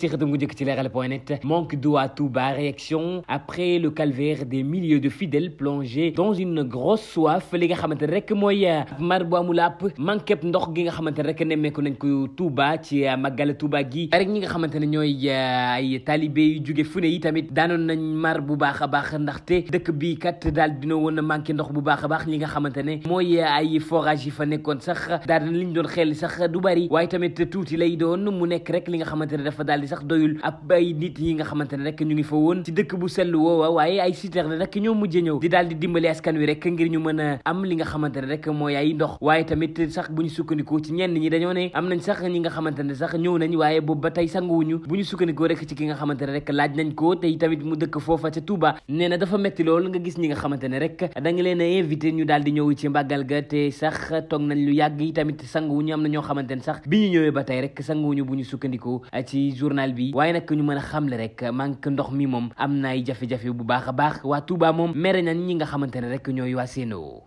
ci xët mu njëkk ci leeral point net manque d'eau à réaction après le calvaire des milliers de fidèles plongés dans une grosse soif li nga xamante ne rek mooy euh, mar bu amul àpp manqué ndox gi nga ne rek nemmeeku nañ ko Touba ci euh, màggal Touba gi rek ñi nga xamante ne ñooy euh, ay talibé yu jóge fu ne yi tamit daanoon nañ mar bu baax a baax ndaxte dëkk bi kat daal dina woon a manqué ndox bu baax a baax li nga xamante ne mooy ay forage yi fa nekkoon sax daal liñ doon xel sax du bari waaye tamit tuuti lay doon mu nekk rek li nga xamante dafa daal sax doyul ab ay nit yi nga xamante ne rek ñu ngi fa woon ci dëkk bu sell woowa waaye ay citerne rek ñoo mujj ñëw di daal di dimbali askan wi rek ngir ñu mën a am li nga xamante ne rek mooy ay ndox waaye tamit sax bu ñu sukkandikoo ci ñenn ñi dañoo ne am nañ sax ñi nga xamante ne sax ñëw nañ waaye boobu ba tey sanguwuñu bu ñu sukkandikoo rek ci ki nga xamante ne rek laaj nañ ko te tamit mu dëkk foofa ca Touba nee na dafa metti lool nga gis ñi nga xamante ne rek da leen a invité ñu daal di ci mbàggal ga te toog nañ lu yàgg yi tamit sanguwuñu am na ñoo xamante ne sax bi ñu ñëwee ba tey rek sanguwuñu bu ñu sukkandikoo ci journal journal bi waaye nag ñu mën a xamle rek manque ndox mi moom am na ay jafe-jafe bu baax a baax waa Touba moom mere nañ ñi nga xamante ne rek ñooy waa Sen'Eau